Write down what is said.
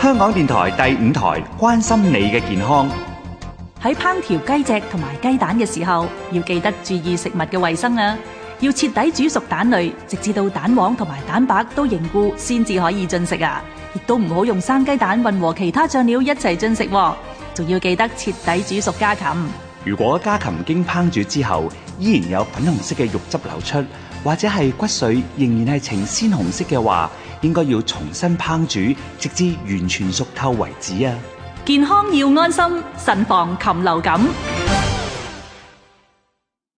香港電台第五台，關心你嘅健康。喺烹調雞隻同埋雞蛋嘅時候，要記得注意食物嘅衛生啊！要徹底煮熟蛋類，直至到蛋黃同埋蛋白都凝固，先至可以進食啊！亦都唔好用生雞蛋混和其他醬料一齊進食啊，仲要記得徹底煮熟家禽。如果家禽經烹煮之後，依然有粉紅色嘅肉汁流出，或者係骨髓仍然係呈鮮紅色嘅話，應該要重新烹煮，直至完全熟透為止啊！健康要安心，慎防禽流感。